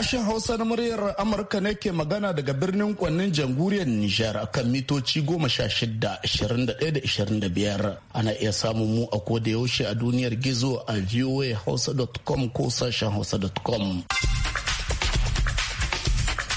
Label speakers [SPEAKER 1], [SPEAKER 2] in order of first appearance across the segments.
[SPEAKER 1] Sashen Hausa na muryar Amurka ne ke magana daga birnin kwannin jamhuriyar Nijar kan mitoci goma sha shida, biyar. Ana iya samun mu a koda yaushe a duniyar gizo a voahausa.com ko sashen hausa.com.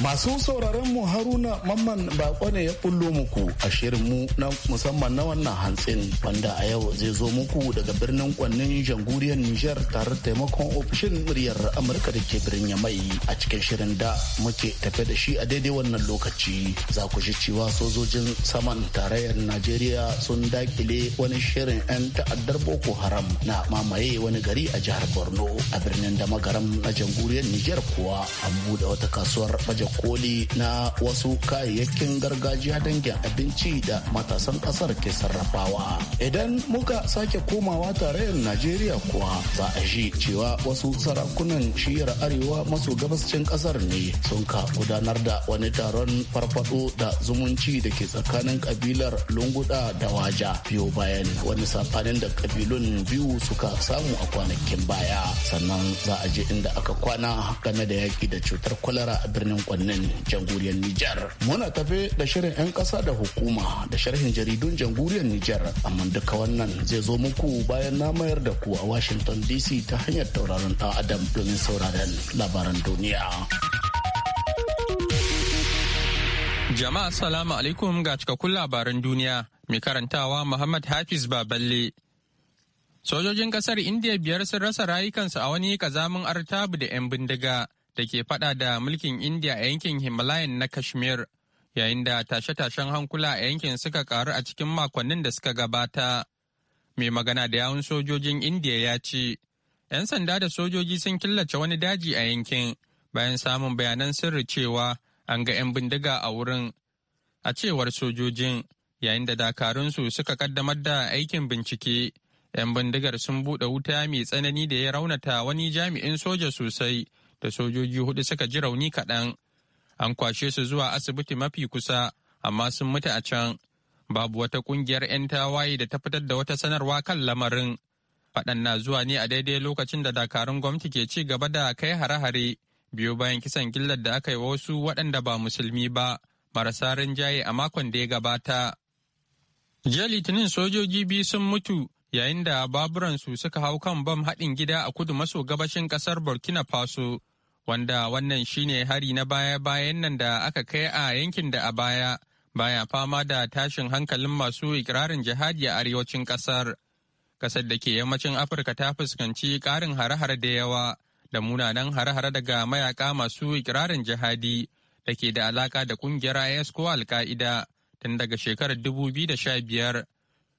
[SPEAKER 1] Masu sauraron mu Haruna Mamman Bako ne ya bullo muku a shirin mu na musamman na wannan hantsin wanda a yau zai zo muku daga birnin kwannin jamhuriyar Nijar tare taimakon ofishin muryar Amurka da ke birnin Yamai a cikin shirin da muke tafe da shi a daidai wannan lokaci. Za ku ji cewa sojojin saman tarayyar Najeriya sun dakile wani shirin 'yan ta'addar Boko Haram na mamaye wani gari a jihar Borno a birnin magaram na jamhuriyar Nijar kuwa an buɗe wata kasuwar baje koli na wasu kayayyakin gargajiya dangin abinci da matasan kasar ke sarrafawa idan muka sake komawa tarayyar najeriya kuwa za a shi cewa wasu sarakunan shiyar arewa maso gabascin kasar ne sun ka gudanar da wani taron farfado da zumunci da ke tsakanin kabilar lunguda da waja biyu bayan wani safanin da kabilun biyu suka samu a kwanakin baya sannan za a je inda aka kwana game da yaki da cutar kwalara a birnin wannan jamhuriyar Nijar. Muna tafe da shirin 'yan ƙasa da hukuma da sharhin jaridun jamhuriyar Nijar, amma duka wannan zai zo muku bayan na mayar da ku a Washington DC ta hanyar tauraron ɗan Adam domin sauraron labaran duniya.
[SPEAKER 2] Jama'a salamu alaikum ga cikakkun labaran duniya mai karantawa Muhammad Hafiz Baballe. Sojojin kasar Indiya biyar sun rasa rayukansu a wani kazamin artabu da 'yan bindiga da ke fada da mulkin India a yankin Himalayan na Kashmir, yayin da tashe-tashen hankula a yankin suka karu a cikin makonnin da suka gabata. Mai magana da yawun sojojin India ya ce, ‘yan sanda da sojoji sun killace wani daji a yankin bayan samun bayanan sirri cewa an ga ‘yan bindiga a wurin. A cewar sojojin, yayin da dakarunsu suka kaddamar da aikin bincike, 'yan bindigar sun buɗe wuta mai tsanani da ya raunata wani jami'in soja sosai da sojoji hudu suka ji rauni kaɗan. An kwashe su zuwa asibiti mafi kusa, amma sun mutu a can. Babu wata ƙungiyar 'yan tawaye da ta fitar da wata sanarwa kan lamarin. Faɗan na zuwa ne a daidai lokacin da dakarun gwamnati ke ci gaba da kai hare-hare biyu bayan kisan gillar da aka yi wa wasu waɗanda ba musulmi ba marasa rinjaye a makon da ya gabata. Jiya Litinin sojoji biyu sun mutu yayin da baburansu suka hau kan bam haɗin gida a kudu maso gabashin ƙasar Burkina Faso wanda wannan shine hari na baya-bayan nan da aka kai a yankin da a baya baya fama da tashin hankalin masu ikirarin jihadi a arewacin kasar. Kasar da ke yammacin Afirka ta fuskanci ƙarin hare-hare da yawa da munanan hare-hare daga mayaka masu ikirarin jihadi da ke da alaka da ƙungiyar IS ko Al-Qaida tun daga shekarar 2015.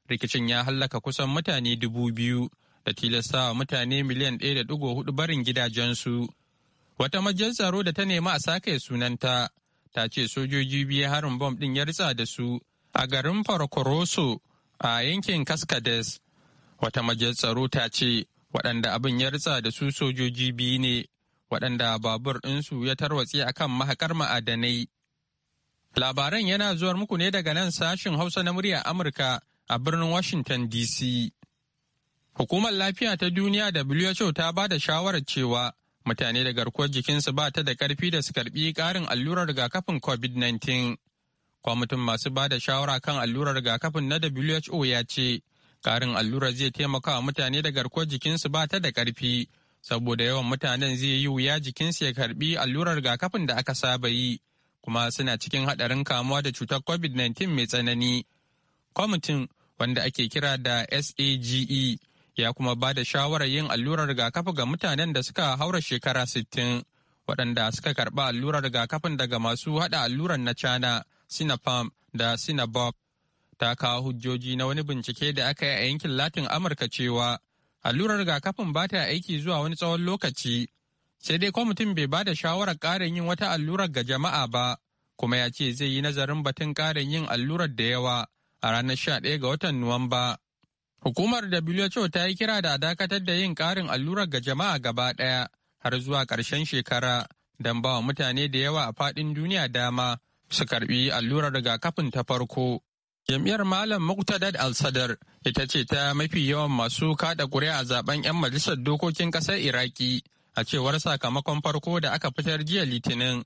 [SPEAKER 2] Rikicin ya hallaka kusan mutane dubu da tilasta mutane miliyan 1.4 barin gidajensu. Wata majiyar tsaro da ta nemi a sake sunanta ta ce sojoji biyu harin bom ɗin ya ritsa da su a garin Farkoroso a yankin Kaskades. Wata majiyar tsaro ta ce waɗanda abin ya ritsa da su sojoji biyu ne waɗanda babur ɗinsu ya tarwatse a kan mahaƙar ma'adanai. Labaran yana zuwar muku ne daga nan sashin Hausa na murya Amurka a birnin Washington DC. Hukumar Lafiya ta Duniya WHO ta ba da shawarar cewa mutane da garkuwar jikinsu ba ta da karfi da su karbi karin allurar rigakafin covid-19 kwamitin masu ba da shawara kan allurar rigakafin na who ya ce karin allurar zai taimaka wa mutane da garkuwar jikinsu ba ta da karfi saboda yawan mutanen zai yi wuya jikinsu ya karbi allurar rigakafin da aka saba yi kuma suna cikin haɗarin kamuwa da cutar covid-19 mai tsanani kwamitin wanda ake kira da SAGE ya kuma ba da shawarar yin allurar rigakafi ga mutanen da suka haura shekara 60 waɗanda suka karɓi allurar rigakafin daga masu haɗa allurar na cana sinopharm da sinobob ta kawo hujjoji na wani bincike da aka yi a yankin latin amurka cewa allurar rigakafin ba ta aiki zuwa wani tsawon lokaci sai dai kwamitin bai ba da shawarar ƙarin yin wata allurar ga jama'a ba kuma ya ce zai yi nazarin batun ƙarin yin allurar da yawa a ranar 11 ga watan nuwamba. Hukumar WHO ta yi kira da dakatar da yin ƙarin allurar ga jama'a gaba ɗaya har zuwa ƙarshen shekara don ba wa mutane da yawa a faɗin duniya dama su karɓi allurar rigakafin ta farko. Jam'iyyar Malam Muqtadad Al-Sadar ita ce ta mafi yawan masu kaɗa a zaben 'yan majalisar dokokin ƙasar Iraki a cewar sakamakon farko da aka fitar jiya Litinin.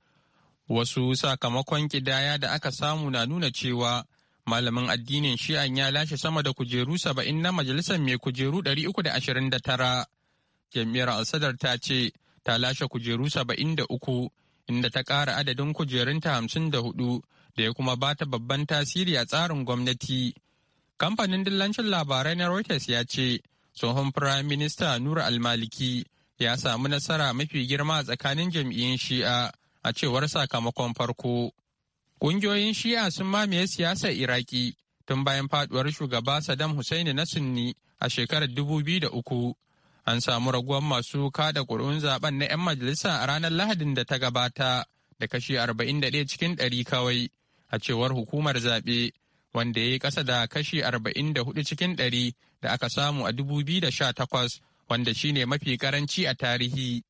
[SPEAKER 2] Wasu sakamakon kidaya da aka samu na nuna cewa malamin addinin shi'an ya lashe sama da kujeru saba'in na majalisar mai kujeru 329 jam'iyyar al-sadar ta ce ta lashe kujeru saba'in da uku inda ta ƙara adadin kujerunta hamsin da hudu da ya kuma bata babban tasiri a tsarin gwamnati kamfanin dillancin labarai na reuters ya ce tsohon firayim minista nura almaliki ya samu nasara mafi girma a tsakanin jam'iyyun shi'a a cewar sakamakon farko Ƙungiyoyin Shi'a sun mamaye siyasar Iraki tun bayan faduwar shugaba Saddam Hussein na Sunni a shekarar 2003. An samu raguwar masu kada ƙuri'un zaben na 'yan majalisa a ranar Lahadin da ta gabata da kashi 41 cikin 100 kawai a cewar hukumar zaɓe wanda ya yi ƙasa da kashi 44 cikin 100 da aka samu a 2018 wanda shine mafi karanci a tarihi.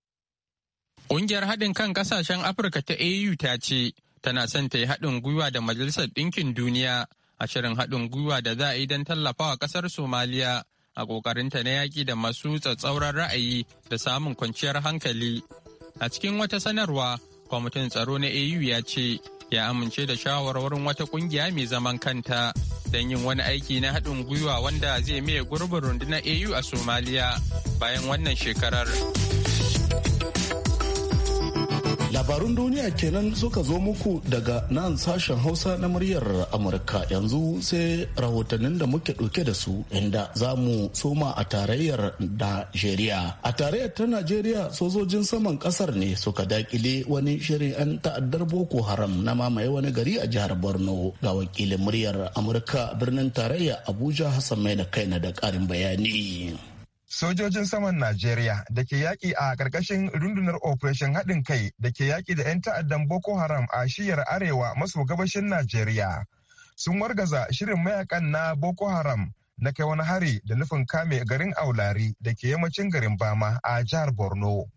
[SPEAKER 2] Ƙungiyar haɗin kan ƙasashen Afirka ta AU ta ce tana son ta yi haɗin gwiwa da Majalisar Ɗinkin Duniya a shirin haɗin gwiwa da za a yi don tallafawa ƙasar Somaliya a ƙoƙarinta na yaƙi da masu tsatsauran ra'ayi da samun kwanciyar hankali. A cikin wata sanarwa, kwamitin tsaro na AU ya ce ya amince da shawarwarin wata ƙungiya mai zaman kanta don yin wani aiki na haɗin gwiwa wanda zai maye gurbin rundunar AU a Somaliya bayan wannan shekarar.
[SPEAKER 1] labarun duniya kenan suka zo muku daga nan sashen hausa na muryar amurka yanzu sai rahotannin da muke ɗauke da su inda za mu soma a tarayyar najeriya a tarayyar ta najeriya sojojin saman ƙasar ne suka dakile wani shirin 'yan ta'addar boko haram na mamaye wani gari a jihar borno ga wakilin muryar amurka birnin tarayya abuja hassan mai na kaina da ƙarin bayani
[SPEAKER 3] Sojojin saman Najeriya da ke yaƙi a ƙarƙashin rundunar Operation haɗin kai da ke yaƙi da 'yan ta'addan Boko Haram a shiyar arewa maso gabashin Najeriya sun wargaza shirin mayakan na Boko Haram na kai wani hari da nufin kame garin Aulari da ke yammacin garin Bama a jihar Borno.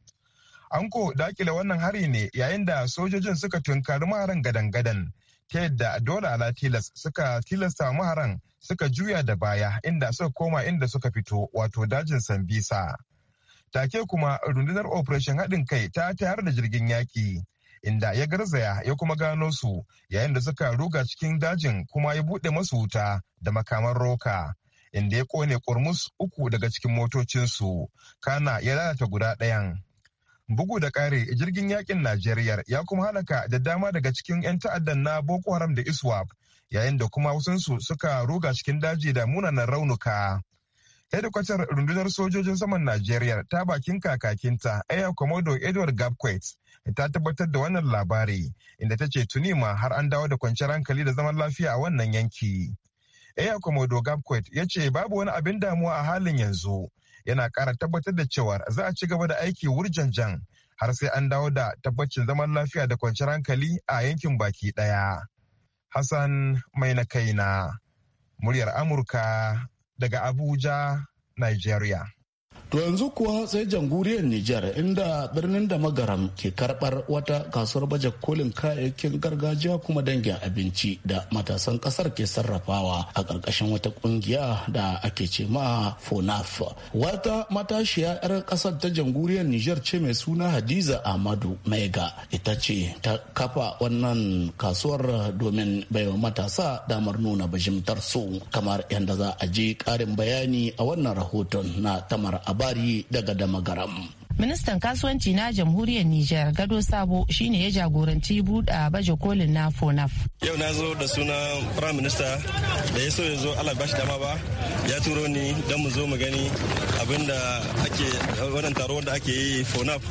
[SPEAKER 3] An ko dakile wannan hari ne yayin da sojojin suka tunkari maharan gadan-gadan ta yadda dole ala tilas suka tilasta maharan suka juya da baya inda suka koma inda suka fito wato dajin sambisa take kuma rundunar operation haɗin kai ta tayar da jirgin yaƙi inda ya garzaya ya kuma gano su yayin da suka ruga cikin dajin kuma ya buɗe masu wuta da makaman roka inda ya kone kurmus uku daga cikin motocinsu kana ya lalata guda ɗayan Bugu da ƙare jirgin yakin Najeriya ya kuma halaka da dama daga cikin 'yan ta'addan na Boko Haram da ISWAP yayin da kuma wasansu suka ruga cikin daji da munanan raunuka. Hedikwatar rundunar sojojin saman Najeriya ta bakin kakakinta Air Commodore Edward Gabquet ta tabbatar da wannan labari inda ta ce tuni ma har an dawo da kwanciyar hankali da zaman lafiya a wannan yanki. Air Commodore Gabquet ya ce babu wani abin damuwa a halin yanzu. yana ƙara tabbatar da cewa za a ci gaba da aiki wurjanjan har sai an dawo da tabbacin zaman lafiya da kwanciyar hankali a yankin baki ɗaya. Hassan mai na kaina, muryar Amurka daga Abuja, Nigeria. To yanzu kuwa sai jamhuriyar Nijar inda birnin
[SPEAKER 1] da magaram ke karbar wata kasuwar baje kolin kayayyakin gargajiya kuma dangin abinci da matasan kasar ke sarrafawa a ƙarƙashin wata ƙungiya da ake ce ma FONAF. Wata matashiya 'yar ƙasar ta jamhuriyar Nijar ce mai suna Hadiza Ahmadu Maiga ita ce ta kafa wannan kasuwar domin baiwa matasa damar nuna bajimtar su kamar yadda za a je ƙarin bayani a wannan rahoton na tamar abu labari daga damagaram
[SPEAKER 4] Ministan kasuwanci na jamhuriyar Nijar Gado Sabo shine ya jagoranci buɗa baje kolin na FONAF.
[SPEAKER 5] Yau na zo da suna Prime Minister da ya so ya zo Allah bashi dama ba ya turo ni don mu zo mu gani abinda ake wannan taro wanda ake yi FONAF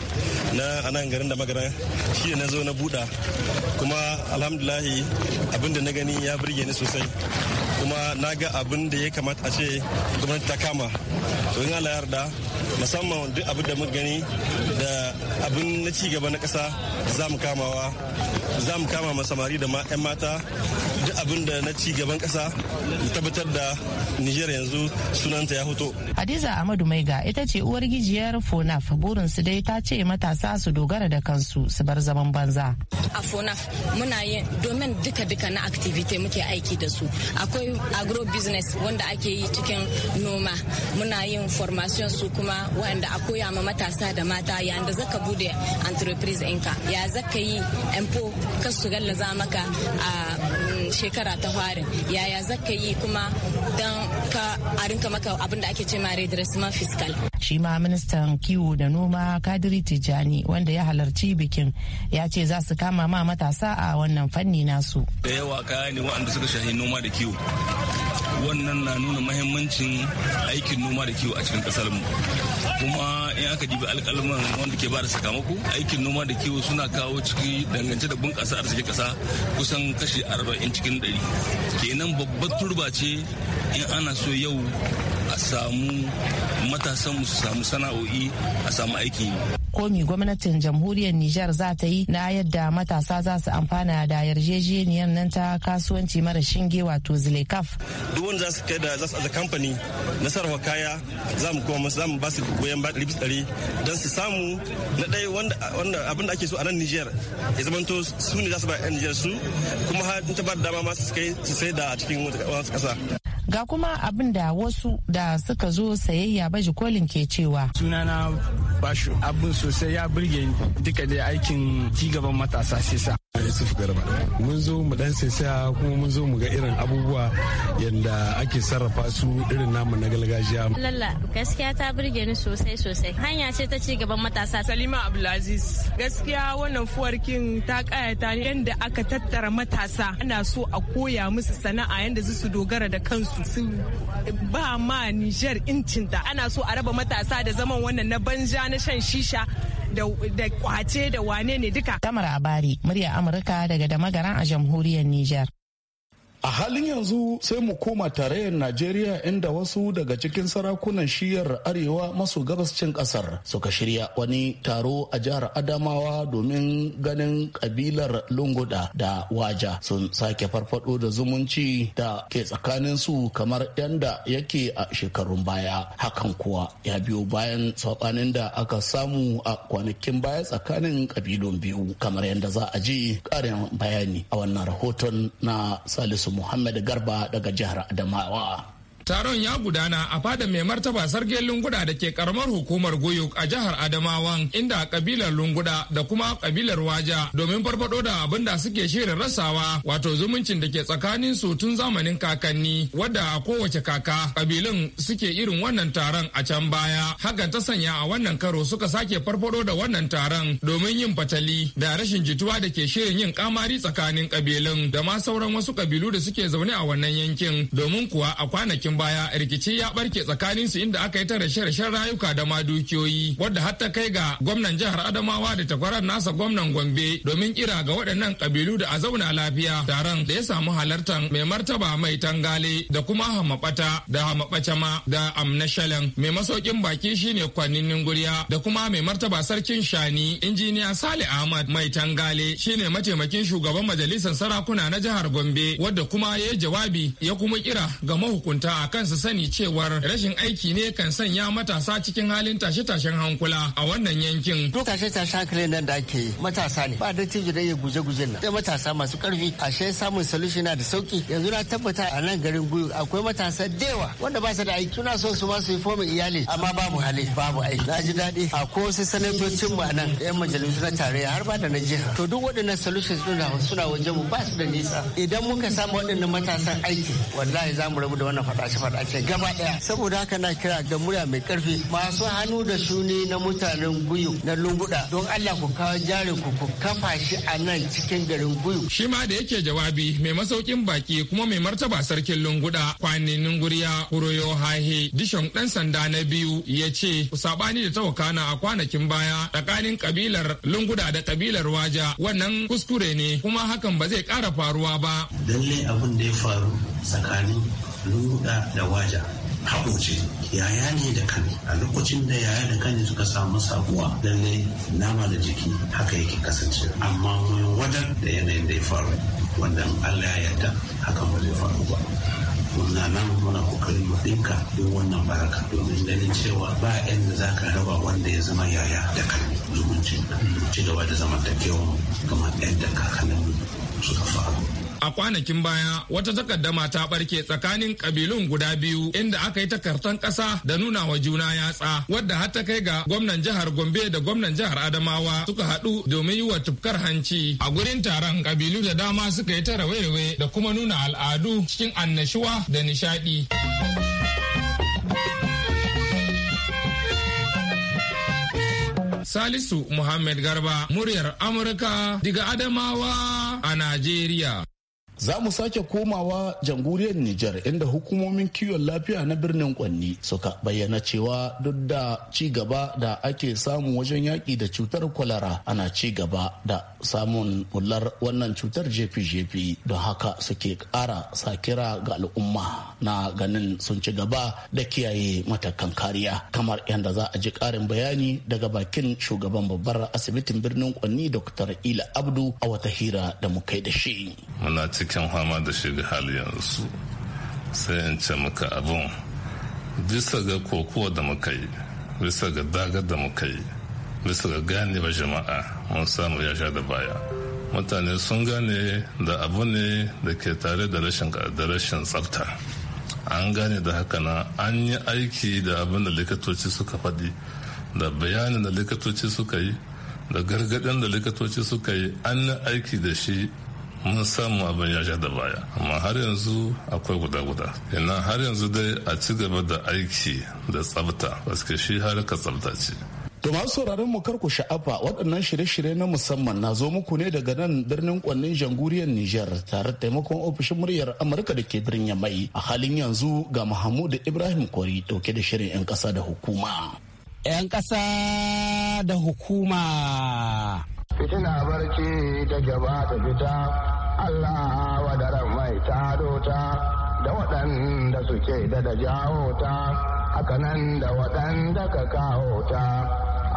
[SPEAKER 5] na anan garin da magana shi na zo na buɗa kuma alhamdulahi abinda na gani ya burge ni sosai kuma na ga abin da ya kamata a ce gwamnati ta kama to in Allah yarda musamman duk abin da mun gani da abin na ci gaba na ƙasa za mu kamawa za mu kama masamari da 'yan mata duk abin da na ci gaban kasa tabbatar da Nijar yanzu sunanta ya fito.
[SPEAKER 4] Hadiza Ahmadu Maiga ita ce uwar gijiyar FONAF burin su dai ta ce matasa su dogara da kansu su bar zaman banza. A FONAF muna yin domin duka-duka na activity muke aiki da su. Akwai agro business wanda ake yi cikin noma. Muna yin formation su kuma wanda a koya ma matasa da mata yayin da zaka bude entreprise ɗinka. Ya zaka yi empo kasu za maka a shekara ta farin yaya zaka yi kuma don ka a rinka maka abin da ake ce ma rasu fiscal shi ma ministan kiwo da noma kadiri tijjani wanda ya halarci bikin ya ce za su kama ma matasa a wannan fanni nasu
[SPEAKER 5] da yawa kaya ne waɗanda suka shahi noma da kiwo wannan na nuna mahimmancin aikin noma da kiwo a cikin kasar mu kuma in aka dibi alkalman wanda ke bada sakamako aikin noma da kiwo suna kawo ciki dangance da bunƙasa arziki ƙasa kusan kashi arba'in cikin 100 kenan babbar turba ce in ana so yau a samu matasan su samu sana'o'i a samu aikin yi
[SPEAKER 4] komi gwamnatin jamhuriyar Nijar za ta yi na yadda matasa za su amfana da yarjejeniyar nan ta kasuwanci mara shinge wato Zilekaf.
[SPEAKER 5] abubuwan za su kai da za su as a company na sarrafa kaya za mu kuma za mu ba su goyon ba ɗari ɗari don su samu na ɗaya wanda abin da ake so a nan Niger ya zamanto su ne za su ba 'yan Niger su kuma har in ta ba da dama ma su kai su sai da a cikin wata ƙasa.
[SPEAKER 4] ga kuma abin da wasu da suka zo sayayya baji kolin ke cewa sunana
[SPEAKER 6] bashu abin sosai ya burge duka da aikin cigaban matasa sai sa yusuf garba mun zo mu dan saya
[SPEAKER 7] kuma mun zo mu ga irin abubuwa yadda ake sarrafa su irin namu na gargajiya
[SPEAKER 4] lalla gaskiya ta burge ni sosai sosai hanya ce ta ci gaban matasa salima abdulaziz gaskiya wannan fuwarkin ta kayata yadda aka tattara matasa ana so a koya musu sana'a yadda su dogara da kansu su ba ma nijar incinta ana so a raba matasa da zaman wannan na banja na shan shisha da kwace da wane ne duka. Tamar Abari, murya Amurka daga damagaran a jamhuriyar Nijar.
[SPEAKER 1] A halin yanzu sai mu koma tarayyar Najeriya inda wasu daga cikin sarakunan shiyar arewa maso cin kasar suka shirya wani taro a jihar Adamawa domin ganin kabilar Lunguda da Waja sun sake farfado da zumunci da ke tsakanin su kamar yanda yake a shekarun baya. Hakan kuwa ya biyo bayan saɓanin da aka samu a kwanakin baya tsakanin kabilun biyu kamar yadda za a ji ƙarin bayani a wannan rahoton na Salisu Muhammad Garba daga jihar Adamawa.
[SPEAKER 8] Taron ya gudana a fadar mai martaba sargin lunguda da ke karamar hukumar Goyuk a jihar Adamawan inda kabilar lunguda da kuma kabilar waja domin farfado da abin da suke shirin rasawa wato zumuncin da ke tsakanin su tun zamanin kakanni wadda a kowace kaka kabilun suke irin wannan taron a can baya hakan ta sanya a wannan karo suka sake farfado da wannan taron domin yin fatali da rashin jituwa da ke shirin yin kamari tsakanin kabilun da ma sauran wasu kabilu da suke zaune a wannan yankin domin kuwa a kwanakin kwanakin baya rikici ya barke tsakanin su inda aka yi ta rashe-rashen rayuka da ma dukiyoyi wadda har ta kai ga gwamnan jihar Adamawa da takwarar nasa gwamnan Gombe domin kira ga waɗannan kabilu da a zauna lafiya taron da ya samu halartar mai martaba mai tangale da kuma hamabata da hamabacama da amnashalan mai masaukin baki shine kwaninin guriya da kuma mai martaba sarkin shani injiniya Sale Ahmad mai tangale shine mataimakin shugaban majalisar sarakuna na jihar Gombe wadda kuma ya jawabi ya kuma kira ga mahukunta a kan su sani cewar rashin aiki ne kan sanya matasa cikin halin tashe-tashen hankula a wannan yankin.
[SPEAKER 6] Duk tashe-tashe hankali nan da ake yi matasa ne ba da tijo da iya guje-guje nan. Sai matasa masu karfi ashe samun solution na da sauki yanzu na tabbata a nan garin guyu akwai matasa da yawa wanda ba su da aiki suna son su ma su yi fomin iyali amma babu hali babu aiki. Na ji daɗi a ko wasu sanatocin mu a nan 'yan majalisu na tarayya har ba da na jiha. To duk waɗannan solutions ɗin suna wajen mu ba su da nisa. Idan muka samu waɗannan matasan aiki wallahi za mu rabu da wannan faɗa faɗace-faɗace gaba ɗaya saboda haka na kira da murya mai karfi masu hannu da shuni na mutanen guyu na lunguda don allah
[SPEAKER 8] ku kawo jari ku ku kafa shi a nan cikin garin guyu. shi ma da yake jawabi mai masaukin baki kuma mai martaba sarkin lunguda kwanin guriya kuroyo hahe dishon ɗan sanda na biyu ya ce ku sabani da tawakana a kwanakin baya tsakanin kabilar lunguda da kabilar waja wannan kuskure ne kuma hakan ba zai ƙara faruwa ba.
[SPEAKER 6] Lalle abin da ya faru tsakanin luda da waja haɓo ce yaya ne da kani. a lokacin da yaya da kani suka samu sabuwa lallai nama da jiki haka yake kasance amma mun wajen da yanayin da ya faru wanda allah ya
[SPEAKER 9] yarda haka ba zai faru ba muna nan muna kokarin mu dinka duk wannan baraka
[SPEAKER 6] domin ganin cewa ba yan zaka zaka raba wanda ya zama yaya da kani zumuncin ci gaba da zamantakewa kamar yadda kakanin
[SPEAKER 8] suka faru A kwanakin baya wata takaddama ta barke tsakanin kabilun guda biyu inda aka yi takartan kasa da nuna wa juna yatsa wadda har ta kai ga gwamnan jihar Gombe da gwamnan jihar Adamawa suka haɗu domin yi wa tufkar hanci. A gurin taron kabilu da dama suka yi ta rawe-rawe da kuma nuna al'adu cikin annashuwa da nishaɗi. Salisu Muhammad Garba, muryar Amurka diga Adamawa a Najeriya. Za mu
[SPEAKER 1] sake komawa jamhuriyar Nijar inda hukumomin kiwon lafiya na birnin Kwanni suka bayyana cewa duk da ci gaba da ake samu wajen yaƙi da cutar kwalara ana ci gaba da samun bular wannan cutar jefi-jefi don haka suke kara sakira ga al'umma na ganin sun ci gaba da kiyaye matakan kariya kamar yadda za a ji karin bayani daga bakin shugaban babbar asibitin birnin kwanni dr ila abdu a wata hira da muka da shi
[SPEAKER 8] muna cikin fama da shiga hali yanzu sai in ce muka abun bisa ga kokowa da muka yi bisa ga daga da muka yi bisa ga ba jama'a mun samu ya sha da baya mutane sun gane da abu ne da ke tare da rashin da rashin tsafta an gane da haka na an yi aiki da abin da likitoci suka faɗi da bayanin da likatoci suka yi da gargaɗin da likatoci suka yi an yi aiki da shi mun samu abin ya sha da baya amma har yanzu akwai guda-guda ina har yanzu dai a ci gaba da aiki da tsafta paske shi harka tsafta ce
[SPEAKER 1] To masu sauraron mu karku sha'afa waɗannan shirye-shirye na musamman na zo muku ne daga nan birnin kwannin janguriyar Nijar tare taimakon ofishin muryar Amurka da ke birnin Yamai. A halin yanzu ga mahamudu Ibrahim Kori dauke da shirin 'yan kasa da hukuma.
[SPEAKER 9] 'Yan ƙasa da hukuma. Fitina barci ta gaba ta fita, Allah da mai ta dota da waɗanda suke da da jawo ta, nan da waɗanda ka kawo ta.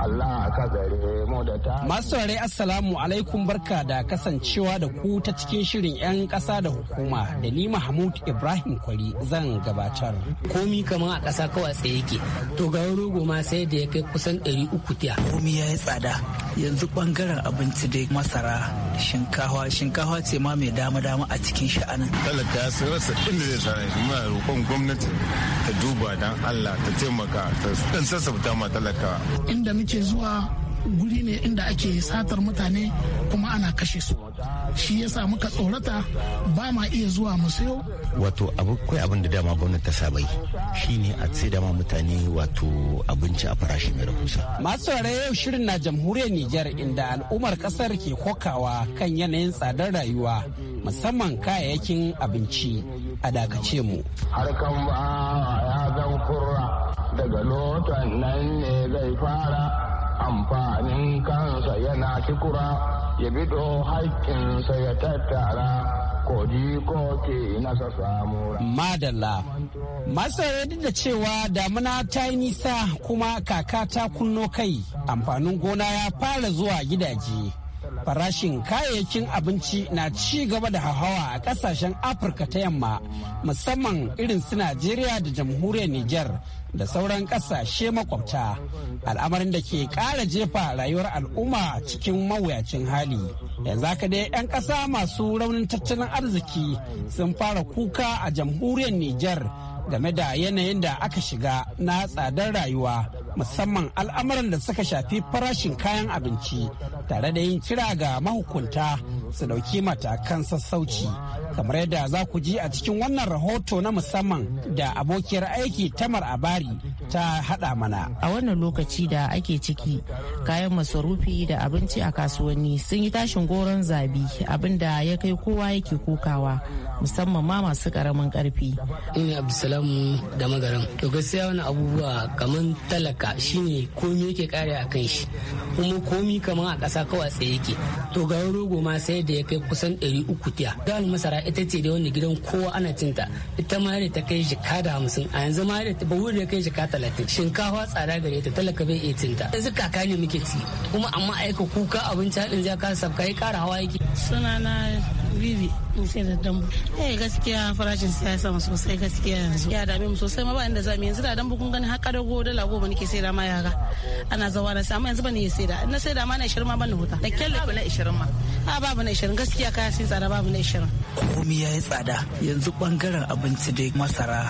[SPEAKER 9] Allah ka gare mu
[SPEAKER 10] Masu saurare Assalamu alaikum barka da kasancewa da ku ta cikin shirin 'yan ƙasa da hukuma da ni Mahmud Ibrahim Kwari zan gabatar. Komi kamar a ƙasa kawai tsaye yake. To ga rogo ma sai da ya kai kusan ɗari uku tiya. Komi ya yi tsada. Yanzu bangaren abinci dai masara, shinkawa, shinkawa ce ma mai dama-dama a cikin sha'anin.
[SPEAKER 3] Talaka ya sai rasa inda zai sare shi roƙon gwamnati ta duba dan Allah ta taimaka ta sassauta ma talaka.
[SPEAKER 11] Inda muke ake zuwa guri ne inda ake satar mutane kuma ana kashe su shi yasa muka tsorata ba ma
[SPEAKER 10] iya zuwa musu sayo
[SPEAKER 6] wato akwai abin da dama gwamnati ta saba yi shine a ce dama mutane wato abinci a farashi mai rahusa
[SPEAKER 10] masu yau shirin na jamhuriyar Nijar inda al'ummar kasar ke kokawa kan yanayin tsadar rayuwa musamman kayayyakin abinci a dakace mu
[SPEAKER 9] daga lotan nan ne zai fara amfanin kansa yana kikura ya bido haƙƙinsa ya tattara Madalla. Masarar da cewa damuna
[SPEAKER 10] ta yi nisa kuma kaka ta kunno kai amfanin gona ya fara zuwa gidaje. Farashin kayayyakin abinci na ci gaba da hauhawa a kasashen Afirka ta yamma musamman irin su Najeriya da jamhuriyar Nijar da sauran ƙasashe makwabta al'amarin da ke ƙara jefa rayuwar al'umma cikin mawuyacin hali yanzu haka dai 'yan ƙasa masu raunin tattalin arziki sun fara kuka a jamhuriyar niger game da yanayin da aka shiga na tsadar rayuwa musamman al'amuran da suka shafi farashin kayan abinci tare da yin kira ga mahukunta su dauki matakan sassauci kamar yadda za ku ji a cikin wannan rahoto na musamman da abokiyar aiki tamar abari
[SPEAKER 4] ta hada mana a wannan lokaci da ake ciki kayan masarufi da abinci a kasuwanni sun yi tashin goron zabi abinda ya kai kowa yake kokawa musamman ma masu karamin karfi
[SPEAKER 10] ina abdulsalam da magaran to gaskiya wani abubuwa kamar talaka ka shine komi yake kare a kan shi kuma komi kamar a ƙasa kawai tsaye yake to ga rogo ma sai da ya kai kusan ɗari uku tiya dawal masara ita ce da wani gidan kowa ana cinta ita ma da ta kai jika da hamsin a yanzu ma da ba wuri da kai jika talatin shinkafa tsada gare ta talaka bai iya cinta yanzu kaka ne muke ci kuma amma aika kuka
[SPEAKER 4] abinci haɗin zai ka sabka ya ƙara hawa yake na bibi in sai da dambu eh gaskiya farashin sai ya sama sosai gaskiya yanzu ya dame mu sosai ma ba inda zamu yanzu da dambu kun gani har kada go da lago ba nake sai da ma yara ana zawa na sai amma yanzu ba bane sai da na sai da ma na 20 ma ban huta da kyalle na 20 ma a babu na 20 gaskiya kaya sai tsada babu na 20
[SPEAKER 10] komi yayi tsada yanzu bangaren abinci dai masara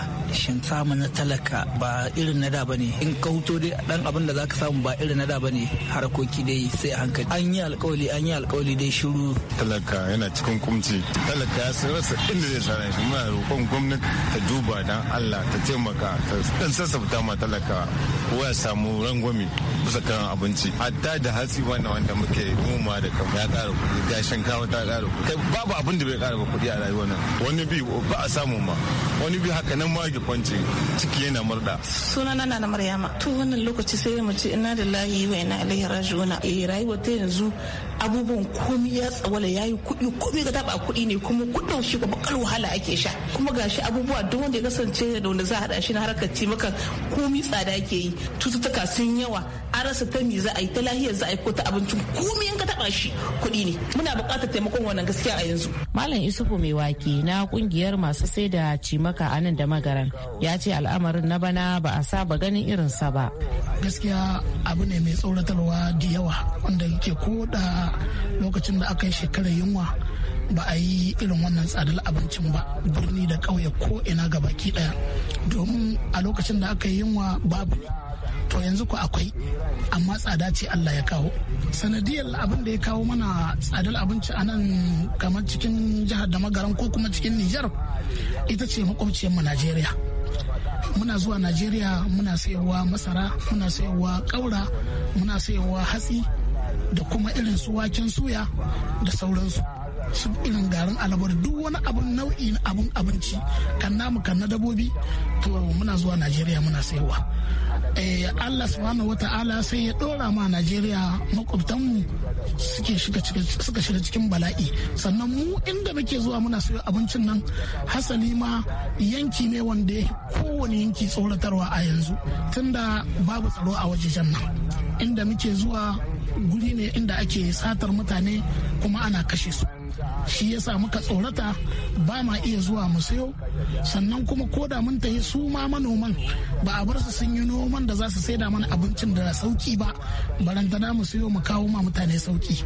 [SPEAKER 10] shinkafa na talaka ba irin na da bane in ka huto dai dan abin da zaka samu ba irin na da bane harkoki dai sai a hankali an yi alkawali an yi alkawali dai shiru
[SPEAKER 3] talaka yana cikin kumci mutunci talaka ya sun rasa inda zai sa shi muna roƙon gwamnati ta duba dan Allah ta taimaka ta dan sassabta ma talaka ko ya samu rangwame bisa kan abinci hatta da hatsi wannan wanda muke noma da kan ya ƙara kuɗi ga shinkafa ta ƙara kuɗi babu abin da bai ƙara ba kuɗi a rayuwar nan wani bi ba a samu ma wani bi haka nan ma kwanci ciki yana murɗa
[SPEAKER 4] sunana na maryama to wannan lokaci sai mu ce inna lillahi wa inna ilaihi raji'un eh rayuwar ta yanzu abubuwan komi ya tsawala ya yi kuɗi komi ga taɓa kuɗi ne kuma kuɗin shi ga bakar wahala ake sha kuma ga shi abubuwa duk wanda ya kasance da wanda za a haɗa shi na harkar maka komi tsada ke yi cututtuka sun yawa an rasa ta me za a yi ta lahiyar za a yi ko ta abincin komi in ka taɓa shi kuɗi ne muna buƙatar taimakon wannan gaskiya a yanzu. Malam Isufu mai wake na kungiyar masu sai da cimaka a nan da magaran ya ce al'amarin na bana ba a saba ganin irinsa ba.
[SPEAKER 11] Gaskiya abu ne mai tsoratarwa da yawa wanda ke koda lokacin da aka yi shekarar yunwa ba a yi irin wannan tsadar abincin ba birni da ƙauye ko ina ga baki ɗaya domin a lokacin da aka yi yunwa babu to yanzu ku akwai amma tsada ce Allah ya kawo sanadiyar abin da ya kawo mana tsadar abinci a nan kamar cikin jihar da magaran ko kuma cikin Nijar ita ce makwabciyarmu Najeriya muna zuwa Najeriya muna sayarwa masara muna sayarwa ƙaura muna sayarwa hatsi da kuma irin su waken suya da sauransu su irin garin alabar duk wani abin nau'i na abun abinci kan namu kan na dabobi to muna zuwa najeriya muna sayarwa Eh, Allah subhanahu ta'ala sai ya dora ma Najeriya makwabtanmu suke suka shiga cikin bala'i sannan mu inda muke zuwa muna siyo abincin nan hasali ma yanki ne wanda kowane yanki tsoratarwa a yanzu tunda babu tsaro a wajejen nan inda muke zuwa guri ne inda ake satar mutane kuma ana kashe su shi yasa muka tsorata ba ma iya zuwa mu sayo sannan kuma ko da mun tafi su ma manoman ba a bar su sun yi noman da za su saida mana abincin da sauki ba barantana mu sayo mu kawo ma mutane sauki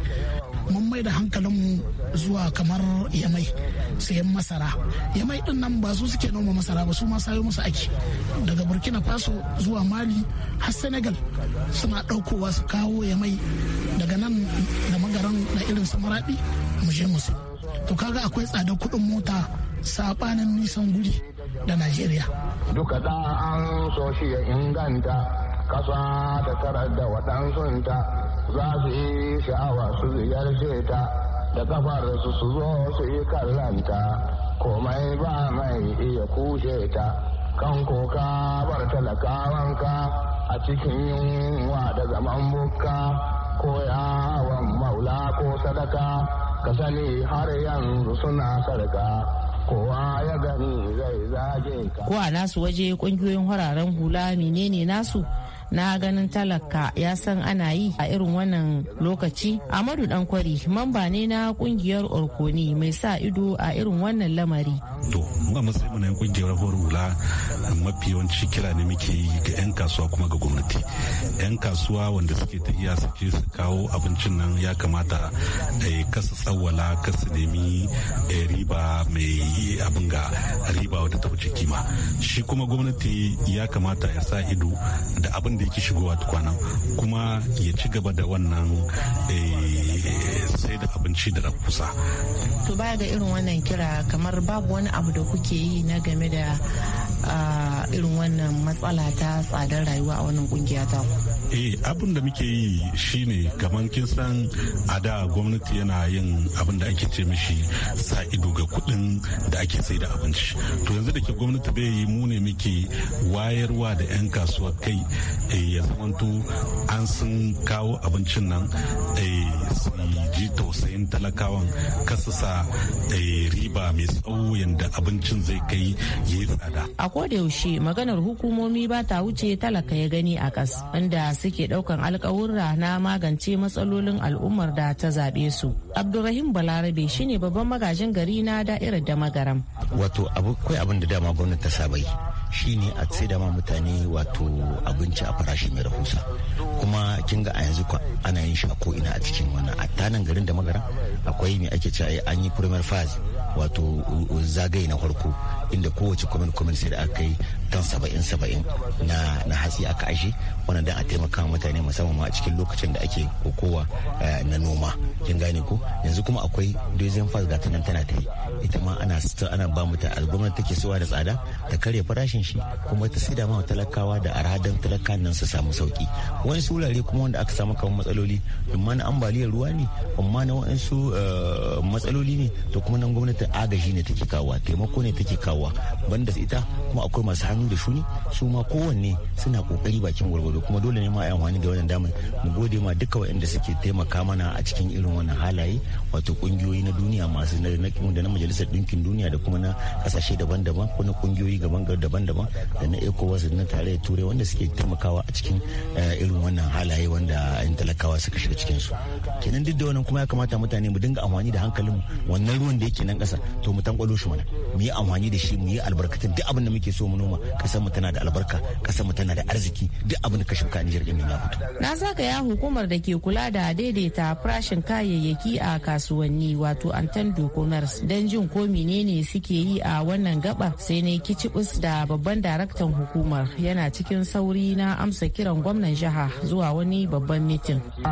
[SPEAKER 11] mun mai da hankalinmu zuwa kamar yamai sayan masara yamai din nan ba su suke noma masara ba su ma sayo musu aki daga burkina faso zuwa mali har senegal suna ɗaukowa su kawo yamai daga nan da magaran na irin su maraɗi mu je musu to kaga akwai tsadar kuɗin mota sabanin nisan guri
[SPEAKER 9] da najeriya duka da an so shi ya inganta kasa ta tarar da ta za su yi sha'awa su ziyarce ta da kafar su su zo su yi kallanta komai ba mai iya kushe ta kan koka bar talakawanka a cikin yunwa da zaman buka ko yawon maula ko sadaka ka sani har yanzu suna sarka kowa ya gani zai zage ka. Ko
[SPEAKER 4] a nasu waje kungiyoyin hararen hula menene nasu na ganin talaka ya san ana yi a irin wannan lokaci amadu dankwari mamba ne na kungiyar orkoni mai sa ido a irin wannan lamari
[SPEAKER 7] to muka matsayin na kungiyar horula mafi yawanci kira ne muke yi ga 'yan kasuwa kuma ga gwamnati 'yan kasuwa wanda suke ta iya je su kawo abincin nan ya kamata eh, kasu tsawwala kasu nemi eh, riba mai abin ga riba wata ta wuce kima shi kuma gwamnati ya kamata ya sa ido da abin da yake shigowa tukwana kuma ya ci gaba da wannan eh, sai da abinci da rakusa.
[SPEAKER 4] To baya ga irin wannan kira kamar babu wani abu da kuke yi na game da irin wannan matsala ta tsadar rayuwa a wannan kungiya ta
[SPEAKER 7] eh abin da muke yi shine kamar kin san a da gwamnati yana yin abin da ake ce mishi sa ido ga kuɗin da ake sai da abinci to yanzu da ke gwamnati bai yi mu ne muke wayarwa da 'yan kasuwa kai eh, ya zamanto an sun kawo abincin nan eh, su ji tausayin talakawan kasa sa eh, riba mai tsawo yanda abincin zai kai yayi tsada
[SPEAKER 4] a kodayaushe maganar hukumomi ba ta wuce talaka ya gani a kas wanda suke daukan alkawurra na magance matsalolin al'ummar da ta zaɓe su abdurrahim balarabe shine babban magajin gari na da'irar da magaram
[SPEAKER 6] wato akwai abin da dama gwamnati ta saba yi shine a sai ma mutane wato abinci a farashi mai rahusa kuma kin ga a yanzu ana yin shi a ko ina a cikin wannan a tanan garin da magara akwai mai ake cewa eh, an yi primer phase wato zagaye na farko inda kowace kwamin kwamin sai da aka yi tan saba'in saba'in na na hatsi aka ashe wannan dan a taimaka mutane musamman ma a cikin lokacin da ake kokowa eh, na noma kin gane ko yanzu kuma akwai dozen fas ga nan tana tafi ita ma ana ana ba mu ta gwamnati take suwa da tsada ta karya farashin shi kuma ta sida ma talakawa da araha dan talakan nan su samu sauki wani sulare kuma wanda aka samu kamar matsaloli amma na ambaliyar ruwa ne amma na wa'ansu eh, matsaloli ne to kuma nan gwamnati agaji ne take kawo taimako ne take kawo banda ita kuma akwai masu hannu da shuni su ma kowanne suna kokari bakin gwargwado kuma dole ne ma a amfani da wannan damar mu gode ma duka waɗanda suke taimaka mana a cikin irin wannan halaye wato kungiyoyi na duniya masu da na majalisar ɗinkin duniya da kuma na kasashe daban-daban ko na kungiyoyi gaban daban-daban da na ecowas na tare da turai wanda suke taimakawa a cikin eh, irin wannan halaye wanda yan talakawa suka shiga cikin su kenan duk da wannan kuma ya kamata mutane mu dinga amfani da hankalin wannan ruwan da yake nan ƙasa to mu tankwalo shi mana mu yi amfani da shi mu yi albarkatun duk abin da muke so mu noma kasar mu tana da albarka kasar mu tana da arziki duk abin da ka shuka Niger din ya fito
[SPEAKER 4] na ya hukumar da ke kula da daidaita farashin kayayyaki a kasuwanni wato Antando Commerce dan jin ko menene suke yi a wannan gaba sai ne kicibus da babban daraktan hukumar yana cikin sauri na amsa kiran gwamnan jiha zuwa wani babban mitin
[SPEAKER 9] a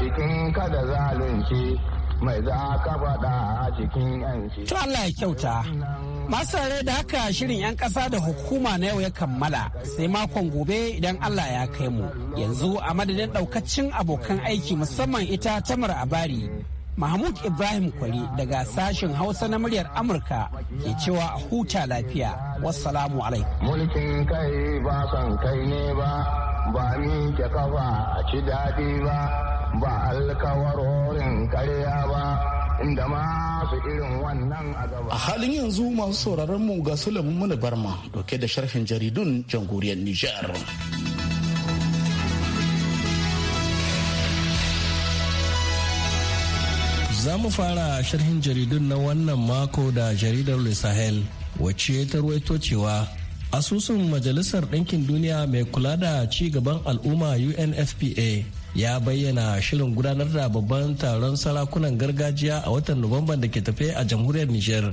[SPEAKER 9] cikin kada zalunci mai za ka faɗa a cikin yanci. To Allah ya kyauta.
[SPEAKER 10] Masu da haka shirin 'yan ƙasa da hukuma na yau ya kammala sai makon gobe idan Allah ya kai mu. Yanzu a madadin ɗaukacin abokan aiki musamman ita tamar abari. Mahmud Ibrahim Kwari daga sashen Hausa na muryar Amurka ke
[SPEAKER 9] cewa a huta lafiya. Wassalamu alaikum. Mulkin kai ba san kai ne ba, ba ni ke kafa a ci daɗi ba. ba alkawarorin karya ba inda masu irin wannan a gaba. A halin yanzu
[SPEAKER 1] masu sauraron mu ga Sulaiman Muni Barma dauke da sharhin jaridun jamhuriyar Nijar.
[SPEAKER 12] Za mu fara sharhin jaridun na wannan mako da jaridar Sahel wacce ta ruwaito cewa asusun majalisar ɗinkin duniya mai kula da ci gaban al'umma unfpa ya bayyana shirin gudanar da babban taron sarakunan gargajiya a watan Nuwamban da ke tafe a jamhuriyar Nijar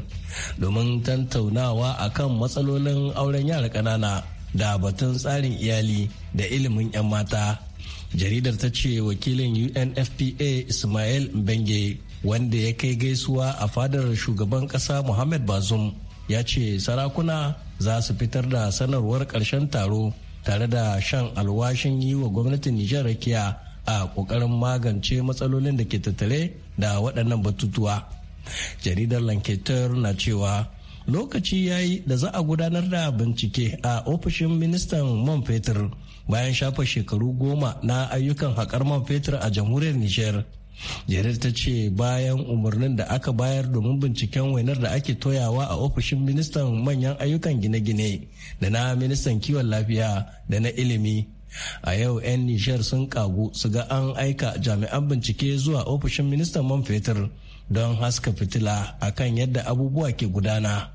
[SPEAKER 12] domin tantaunawa kan matsalolin auren yara ƙanana da batun tsarin iyali da ilimin 'yan mata. Jaridar ta ce wakilin UNFPA Ismail Benge wanda ya kai gaisuwa a fadar shugaban ƙasa Muhammad Bazum. ya ce sarakuna za su fitar da sanarwar ƙarshen taro tare da shan alwashin yi wa gwamnatin Nijar rakiya a ƙoƙarin magance matsalolin da ke tattare da waɗannan batutuwa jaridar lanketer na cewa lokaci ya yi da za a gudanar da bincike a ofishin ministan man fetur bayan shafa shekaru goma na ayyukan haƙar man fetur a jamhuriyar nijar jaridar ta ce bayan umarnin da aka bayar domin binciken wainar da ake toyawa a ofishin ministan manyan ayyukan gine-gine da na ministan kiwon lafiya da na ilimi a yau 'yan nijar sun kagu su ga an aika jami'an bincike zuwa ofishin ministan man fetur don haska fitila akan yadda abubuwa ke gudana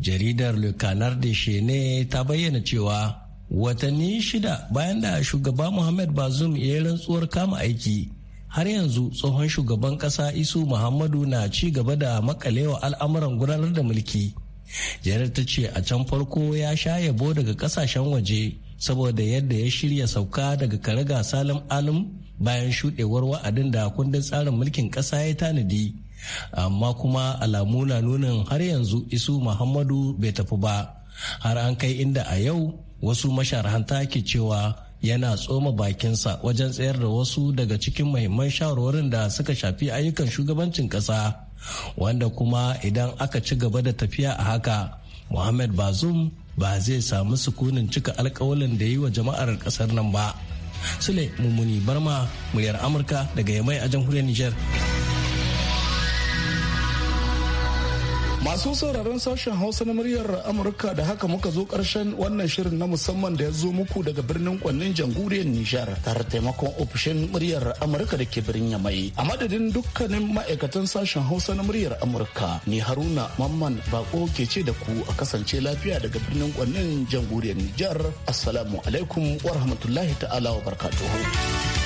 [SPEAKER 12] jaridar le canard shene ta bayyana cewa watanni shida bayan da shugaba muhammad bazum ya yi rantsuwar kama aiki har yanzu tsohon shugaban kasa isu muhammadu na ci gaba da makalewa al'amuran gudanar da mulki jaridar ta ce a can farko ya sha yabo daga kasashen waje saboda yadda ya shirya sauka daga karaga salim alim bayan shuɗewar wa'adin da kundin tsarin mulkin ƙasa ya tanadi amma kuma alamu na nunin har yanzu isu muhammadu bai tafi ba har an kai inda a yau wasu masharhanta ke cewa yana tsoma bakinsa wajen tsayar da wasu daga cikin mahimman shawarwarin da suka shafi ayyukan shugabancin ƙasa wanda kuma idan aka ci gaba da tafiya a haka muhammad bazum ba zai samu sukunin cika alkawalin da yi wa jama'ar kasar nan ba. Sule Mummuni Barma, muryar Amurka daga Yamai a jamhuriyar Nijar. Masu sauraron
[SPEAKER 1] sashen Hausa na muryar Amurka da haka muka zo karshen wannan shirin na musamman da ya zo muku daga birnin kwannin jamhuriyar Nijar tare taimakon ofishin muryar Amurka da ke birnin Yamai. A madadin dukkanin ma'aikatan sashen Hausa na muryar Amurka ni Haruna Mamman Bako ke ce da ku a kasance lafiya daga birnin kwannin jamhuriyar Nijar. Assalamu alaikum wa rahmatullahi ta'ala wa barkatuhu.